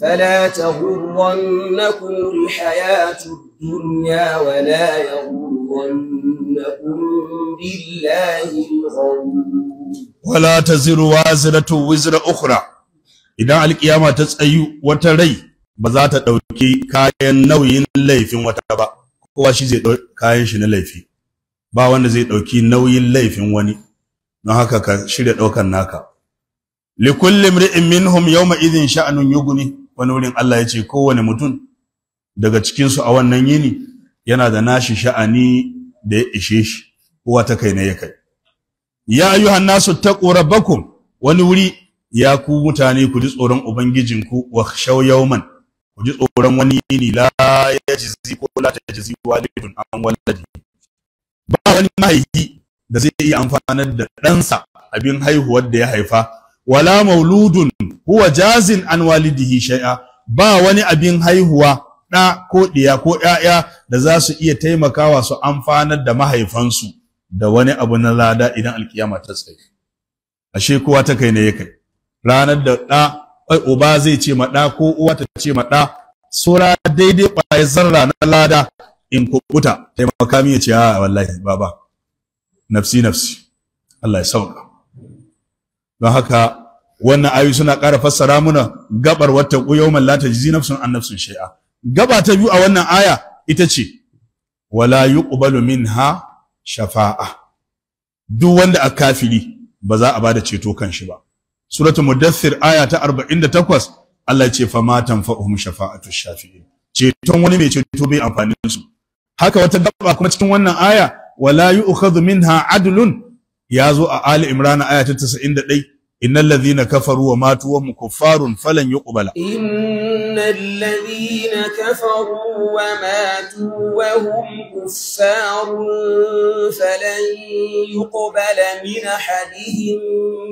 فلا تغرنكم الحياة الدنيا ولا يغرنكم بالله الغرور ولا تزر وازرة وزر أخرى idan alkiyama ta tsayu wata rai ba za ta ɗauki kayan nauyin laifin wata ba kowa shi zai ɗauki kayan shi na laifi ba wanda zai ɗauki nauyin laifin wani don haka ka shirya ɗaukan naka likulli mri'in minhum yawma idhin sha'anun yughni wani wurin Allah ya ce kowane mutum daga cikinsu a wannan yini yana da nashi sha'ani da ya ishe shi kowa ta kai na ya kai ya ayyuhan ta ta rabbakum wani wuri ya ku mutane ku ji tsoron ubangijinku wa khashaw yauman, ku ji tsoron wani yini la ya yajzi ko la tajzi walidun an waladi ba wani mahaifi da zai iya amfanar da ɗansa abin haihuwar da ya haifa wala mauludun huwa jazin an walidihi shay'a ba wani abin haihuwa ɗa ko ɗiya ko ƴaƴa da za su iya taimakawa su amfanar da mahaifansu da wani abu na lada idan alkiyama ta tsaye ashe kowa ta kai ne ya kai ranar da ɗa ai uba zai ce ma ɗa ko uwa ta ce ma ɗa sura daidai ƙwayar zarra na lada in kubuta taimaka min ya ce a wallahi baba nafsi nafsi Allah ya sauka don haka wannan ayu suna ƙara fassara muna gabar wata ƙuyau mallata jizi nafsun an nafsun shai'a gaba ta biyu a wannan aya ita ce wala yuqbalu minha shafa'a duk wanda a kafiri ba za a bada ceto kan shi ba suratul mudaththir aya ta 48 Allah ce fa ma tanfa'uhum shafa'atu shafi'in ceton wani mai ceto bai amfani su haka wata gaba kuma cikin wannan aya wala yu'khadhu minha adlun ya zo a ali imran aya ta 91 إن الذين كفروا وماتوا وهم كفار فلن يقبل إن الذين كفروا وماتوا وهم كفار فلن يقبل من أحدهم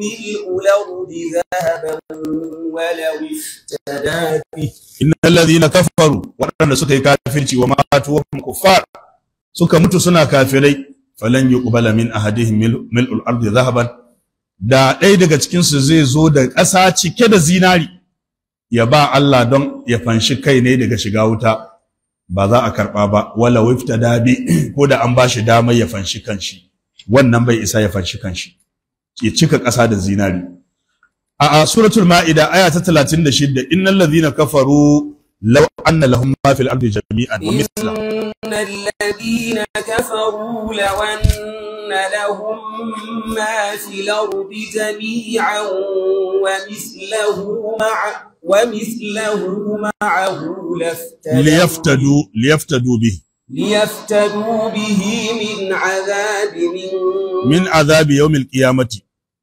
ملء الأرض ذهبا ولو افتدى به إن الذين كفروا وأنا سكي كافرتي وماتوا وهم كفار سكي متو سنا كافري فلن يقبل من أحدهم ملء الأرض ذهبا da ɗaya daga cikinsu zai zo da ƙasa cike da zinari ya ba Allah don ya fanshi kai ne daga shiga wuta ba za a karɓa ba wala wifta dabi ko da an ba shi damar ya fanshi kanshi wannan bai isa ya fanshi kanshi ya cika ƙasa da zinari a a suratul ma'ida aya ta 36 innal ladhina kafaru law anna lahum ma fil ardi jami'an wa mithlahu إن الذين كفروا لو أن لهم ما في الأرض جميعا ومثله مع ومثله معه لافتدوا ليفتدوا ليفتدوا به ليفتدوا به من عذاب من, من عذاب يوم القيامة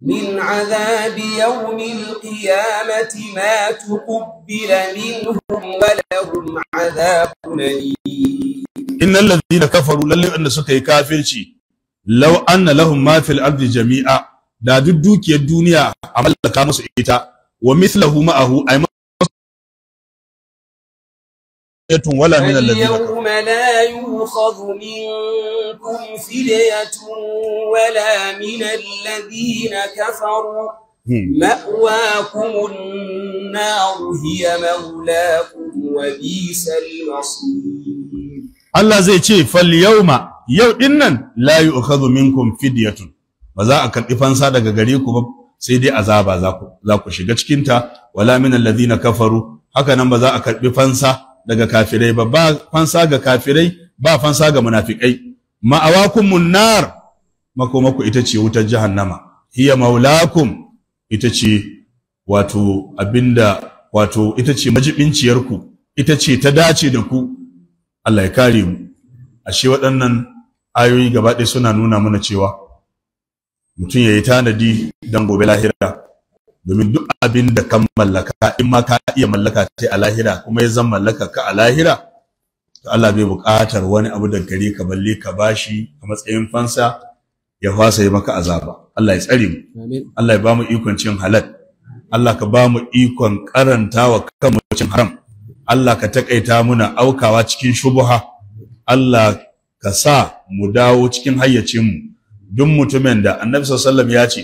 من عذاب يوم القيامة ما تقبل منهم ولهم عذاب أليم inna allazina kafaru lalle wanda suka yi kafirci law anna lahum ma fil ardi jami'a da duk dukiyar duniya a mallaka musu ita wa mithluhu ma'ahu ay yatun wala min allazina yawma la yu'khadhu minkum fidyatun wala min allazina kafaru hmm. ma'wakumun nar hiya mawlakum wa bisal masir Allah zai ce fal yawma yau din nan la yu'khadhu minkum fidyatun ba za a karbi fansa daga gare ku ba sai dai azaba za ku za ku shiga cikin ta wala min alladhina kafaru haka nan ba za a karbi fansa daga kafirai ba ba fansa ga kafirai ba fansa ga munafikai ma'awakumun munnar? makomaku ita ce wutar jahannama hiya maulakum ita ce wato abinda wato ita ce majibinciyarku ita ce ta dace da ku Allah ya kare mu ashe waɗannan ayoyi gaba ɗaya suna nuna mana cewa mutum ya yi tanadi don gobe lahira domin duk abin da kan mallaka in ma ka iya mallaka ta a lahira kuma ya zan mallaka ka a lahira to Allah bai buƙatar wani abu da gare ka balle ka bashi a matsayin fansa ya fasa yi maka azaba Allah ya tsare mu Allah ya ba mu ikon cin halal Allah ka ba mu ikon karanta wa kanmu cin haram Allah ka taƙaita muna aukawa cikin shubuha Allah ka sa mu dawo cikin hayyacinmu duk mutumin da annabi sallallahu ya ce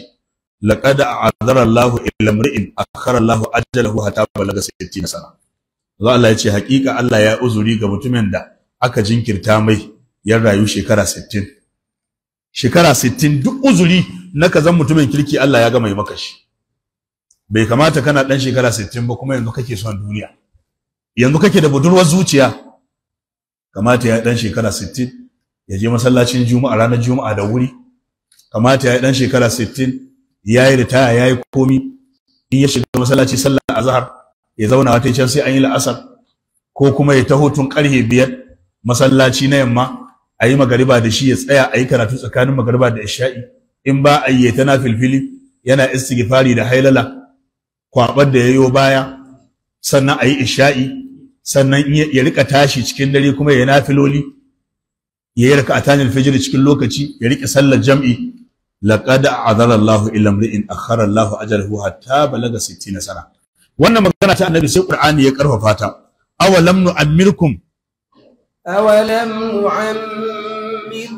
laqad a'adara Allah ila mar'in akhara Allah ajalahu hatta balaga 60 sana Allah Allah ya ce hakika Allah ya uzuri ga mutumin da aka jinkirta mai ya rayu shekara 60 shekara 60 duk uzuri na kazan mutumin kirki Allah ya ga mai maka shi bai kamata kana dan shekara 60 ba kuma yanzu kake son duniya yanzu kake da budurwar zuciya kamata ya dan shekara 60 ya je masallacin juma'a ranar juma'a da wuri kamata ya ɗan shekara 60 yayi ritaya yayi komi in ya shiga masallaci sallar azhar ya zauna wata can sai an yi la'asar ko kuma ya taho tun karhe biyar masallaci na yamma a yi magariba da shi ya tsaya a yi karatu tsakanin magariba da isha'i in ba a yi tana filfili yana istighfari da hailala kwabar da yayo baya sannan a yi isha'i sannan ya rika tashi cikin dare kuma ya nafiloli ya yi raka'atan alfajr cikin lokaci ya rike sallar jam'i laqad a'adara Allah illa mri'in akhara Allah ajrahu hatta balaga 60 sana wannan magana ta annabi sai qur'ani ya karfafa ta awalam nu'ammirkum awalam nu'ammir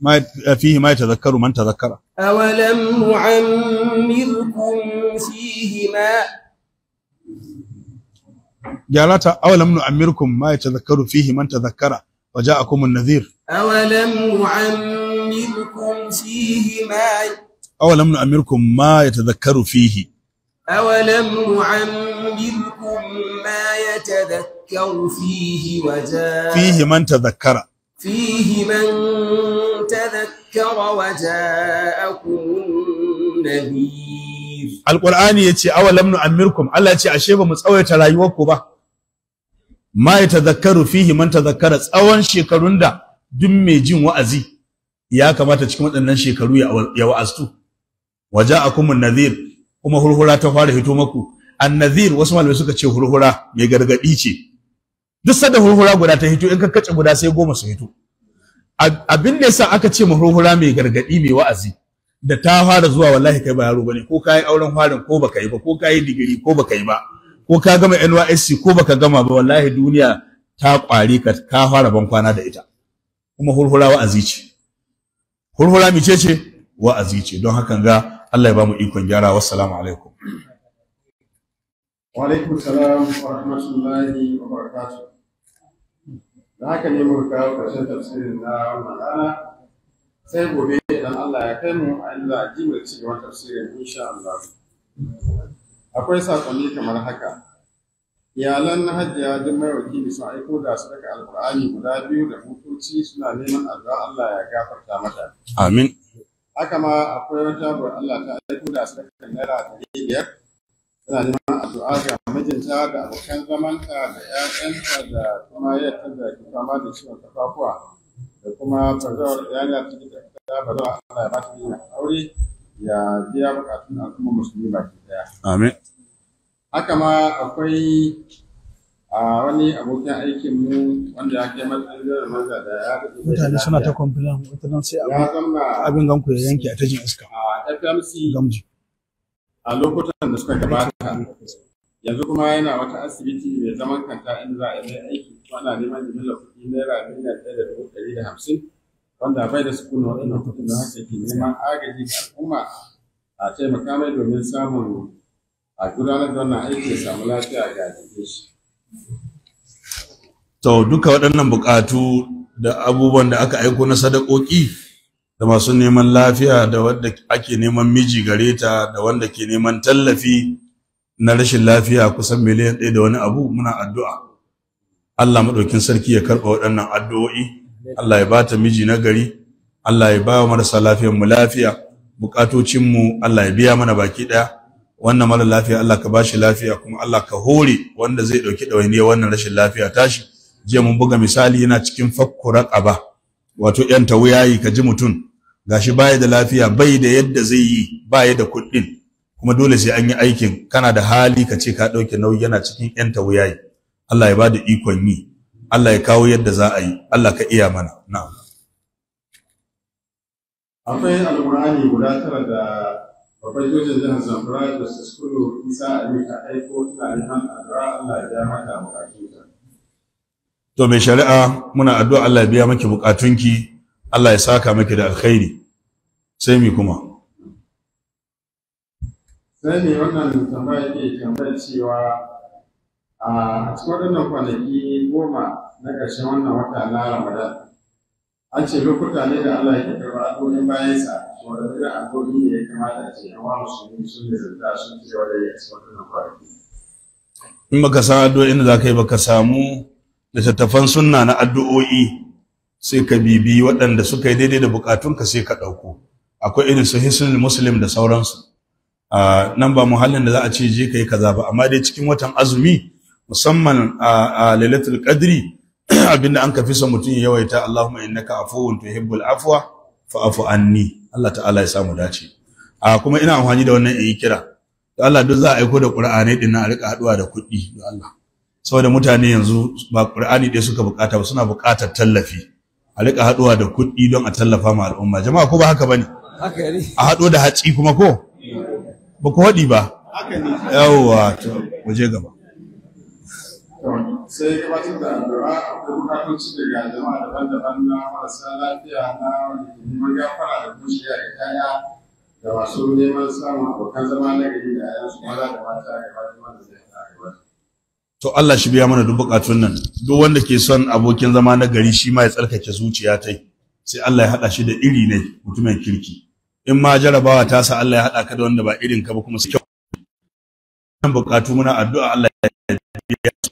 ما فيه ما يتذكر من تذكر أولم نعمركم فيه ما gyara ta awalam nu amirkum ma yatazakkaru fihi man tazakkara wa ja'akum an-nadhir awalam nu'ammirkum fihi ma awalam nu'ammirkum ma yatazakkaru fihi awalam nu'ammirkum ma yatazakkaru fihi wa ja'a fihi man tazakkara fihi man ce yace awalam nu'ammirkum Allah ce ashe ba mu tsawaita rayuwar ku ba ma zakaru, fihi man zakara, tsawon shekarun da duk mai jin wa'azi ya kamata cikin waɗannan shekaru ya wa'aztu Waje nadhir kuma hurhura ta fara hito maku nazir wasu malamai suka ce hurhura mai gargadi ce duk sanda hurhura guda ta hito in ka kace guda sai goma su hito abin da yasa aka ce hurhura mai gargadi mai wa'azi da ta fara zuwa wallahi kai ba yaro bane ko kai auren farin ko baka yi ba ko kai digiri ko baka yi ba ko ka gama NYSC ko baka gama ba wallahi duniya ta kware ka ka fara ban kwana da ita kuma hulhula wa'azi ce hulhula mi ce wa'azi ce don hakan ga Allah ya ba mu ikon gyara wassalamu alaikum wa alaikum salam wa rahmatullahi wa barakatuh da haka ne mu kawo ƙarshen tafsirin na wannan sai gobe Allah ya kai mu Allah ji mu ci gaban tafsirin insha Allah akwai sakonni kamar haka iyalan na hajjiya duk mai wakili sun aiko da su daga alkur'ani guda biyu da hukunci suna neman addu'a Allah ya gafarta mata amin haka ma akwai wata bar Allah ta aiko da su daga naira ɗari biyar Suna neman addu'a ga mijinta da abokan zamanta da 'ya'yanta da kuma yadda da ke fama da ciwon kafafuwa da kuma bazawar iyali a da bazawar Allah ya ba ta yin aure ya biya bukatun al'umma musulmi baki daya. Amin. Haka ma akwai a wani abokin aikin mu wanda ya kai matsayin maza da ya mutane suna ta sai abin ganku ya yanke a tajin iska a fmc gamji a lokutan da suka gabata yanzu kuma yana wata asibiti mai zaman kanta inda za a yi aiki wanda neman jimillar kuɗi naira miliyan ɗaya da dubu ɗari da hamsin wanda bai da sukun waɗannan kuɗin da haka ke neman agaji ga al'umma a taimaka mai domin samun a gudanar da wannan aiki ya samu lafiya ga jikin shi. To duka waɗannan buƙatu da abubuwan da aka aiko na sadakoki da masu neman lafiya da wanda ake neman miji gare ta da wanda ke neman tallafi na rashin lafiya kusan miliyan ɗaya da wani abu muna addu'a Allah maɗaukin sarki ya karɓa waɗannan addu'o'i Allah ya ba ta miji na gari Allah ya ba wa marasa lafiyar mu lafiya bukatocinmu Allah ya biya mana baki ɗaya wannan mara lafiya Allah ka shi lafiya kuma Allah ka hore wanda zai ɗauki ɗawainiyar wannan rashin lafiya tashi jiya mun buga misali yana cikin fakkura ƙaba wato ‘yan wuyayi, ka ji mutum gashi baya da lafiya bai da yadda zai yi baya da kuɗin kuma dole sai an yi aikin kana da hali ka ce ka ɗauke nauyi yana cikin yan tawuyayi Allah ya ba da ikon yi Allah ya kawo yadda za a yi Allah ka iya mana na'am akwai alƙur'ani guda tara da babban jojin jihar Zamfara da su skulu Isa Ali ta aiko ina nan addu'a Allah ya biya mata bukatunka to mai shari'a muna addu'a Allah ya biya maki bukatunki Allah ya saka maki da alkhairi sai mi kuma sai ne wannan tambaya yake tambayar cewa a cikin waɗannan kwanaki goma na ƙarshen wannan wata na ramadan an ce lokuta ne da allah ya karɓa addu'o'in bayansa wanda irin addu'o'i ne ya kamata a ce An wa musulmi sun da zanta sun ce wanda ya cikin waɗannan kwanaki. in baka san addu'o'in da za ka yi baka samu littattafan sunna na addu'o'i sai ka bibi waɗanda suka yi daidai da bukatunka sai ka ɗauko akwai irin su muslim da sauransu nan ba muhallin da za a ce je kai kaza ba amma dai cikin watan azumi musamman a lailatul qadri abinda an kafi son mutum ya yawaita Allahumma innaka afuwun tuhibbul afwa fa'fu anni Allah ta'ala ya samu dace a kuma ina amfani da wannan yi kira da Allah duk za a aiko da Qur'ani din na rika haduwa da kuɗi da Allah saboda mutane yanzu ba Qur'ani dai suka bukata ba suna bukatar tallafi a rika haduwa da kuɗi don a tallafa ma al'umma jama'a ko ba haka bane a haɗo da hatsi kuma ko ba ku haɗi ba yawwa to waje gaba sai gabatar da lura akwai bukatunci ga jama'a daban-daban na marasa lafiya na neman gafara da kuma da kaya da masu neman samun abokan zama na gari da yayansu maza da mata da gabatar da zai To Allah shi biya mana duk bukatun nan duk wanda ke son abokin zama na gari shi ma ya tsarkake zuciya ta sai Allah ya haɗa shi da iri ne mutumin kirki. in ma jarabawa ta sa Allah ya haɗa ka da wanda ba irin ka ba kuma su kyau nan bukatu muna addu'a Allah ya biya su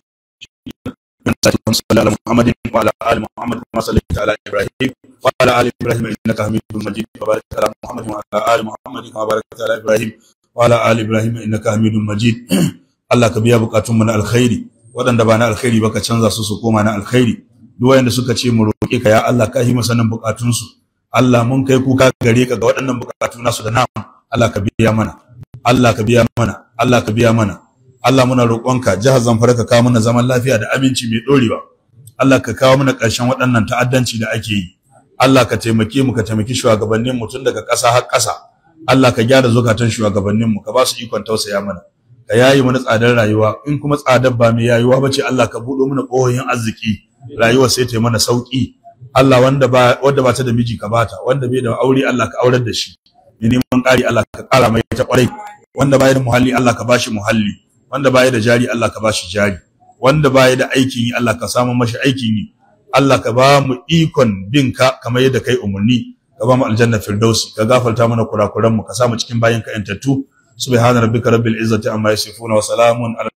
sallallahu Muhammadin wa ala ali Muhammad wa sallallahu ala Ibrahim wa ala ali Ibrahim innaka Hamidum Majid wa barik ala Muhammad wa ala ali Muhammad wa barik ala Ibrahim wa ala ali Ibrahim innaka Hamidum Majid Allah ka biya bukatun mu na alkhairi waɗanda ba na alkhairi ba ka canza su su koma na alkhairi duk wanda suka ce mu roƙe ka ya Allah ka yi masanin bukatunsu Allah mun kai kuka gare ka ga waɗannan bukatu nasu da nama. Allah ka biya mana Allah ka biya mana Allah ka biya mana Allah muna roƙonka jihar Zamfara ka kawo mana zaman lafiya da aminci mai ɗorewa Allah ka kawo mana ƙarshen waɗannan ta'addanci da ake yi Allah ka taimake mu ka taimaki shugabannin mu tun daga ƙasa har ƙasa Allah ka gyara zukatan shugabannin mu ka ba su ikon tausaya mana ka yayi mana tsadar rayuwa in kuma tsadar ba mai yayuwa bace Allah ka buɗo mana ƙohoyin arziki rayuwa sai ta mana sauki Allah wanda ba wanda ba ta da miji ka bata wanda bai da aure Allah ka aurar da shi ne neman ƙari Allah ka ƙara mai ta ƙwarai wanda bai da muhalli Allah ka bashi muhalli wanda bai da jari Allah ka bashi jari wanda bai da aikin yi Allah ka samu mashi aikin yi Allah ka ba mu ikon bin ka kamar yadda kai umarni ka ba mu aljanna firdausi ka gafarta mana kurakuran mu ka samu cikin bayin ka yantattu subhana rabbika rabbil izzati amma yasifuna wa salamun